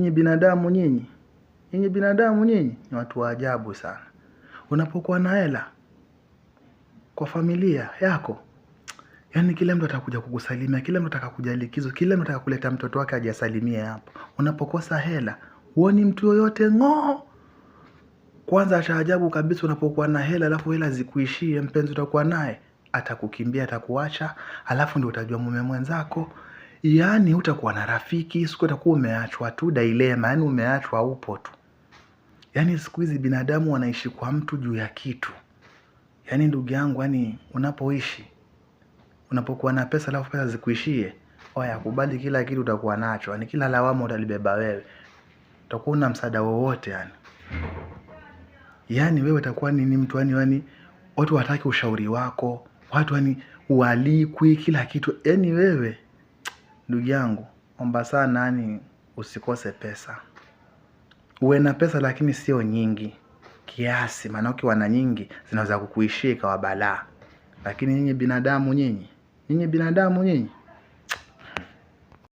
nyinyi binadamu nyinyi nyinyi binadamu nyinyi ni watu wa ajabu sana. Unapokuwa na hela kwa familia yako, yani kila mtu atakuja kukusalimia, kila mtu atakakuja likizo, kila mtu atakuleta mtoto wake ajasalimie hapo. Unapokosa hela huoni mtu yoyote ng'oo. Kwanza cha ajabu kabisa, unapokuwa na hela alafu hela zikuishie, mpenzi utakuwa naye atakukimbia, atakuacha, alafu ndio utajua mume mwenzako yaani utakuwa na rafiki, siku utakuwa umeachwa tu dilema, yaani umeachwa upo tu. Yaani siku hizi binadamu wanaishi kwa mtu juu ya kitu. Yaani ndugu yangu, yaani unapoishi unapokuwa na pesa alafu pesa zikuishie, oya, kubali kila kitu utakuwa nacho, yaani kila lawama utalibeba wewe, utakuwa una msaada wowote yani. Yaani wewe utakuwa ni mtu yani, yani watu wataki ushauri wako, watu yani ualikwi kila kitu, yaani wewe ndugu yangu, omba sana, nani usikose pesa. Uwe na pesa lakini sio nyingi, kiasi. Maana ukiwa na nyingi zinaweza kukuishia ikawa balaa. Lakini nyinyi binadamu nyinyi, nyinyi binadamu nyinyi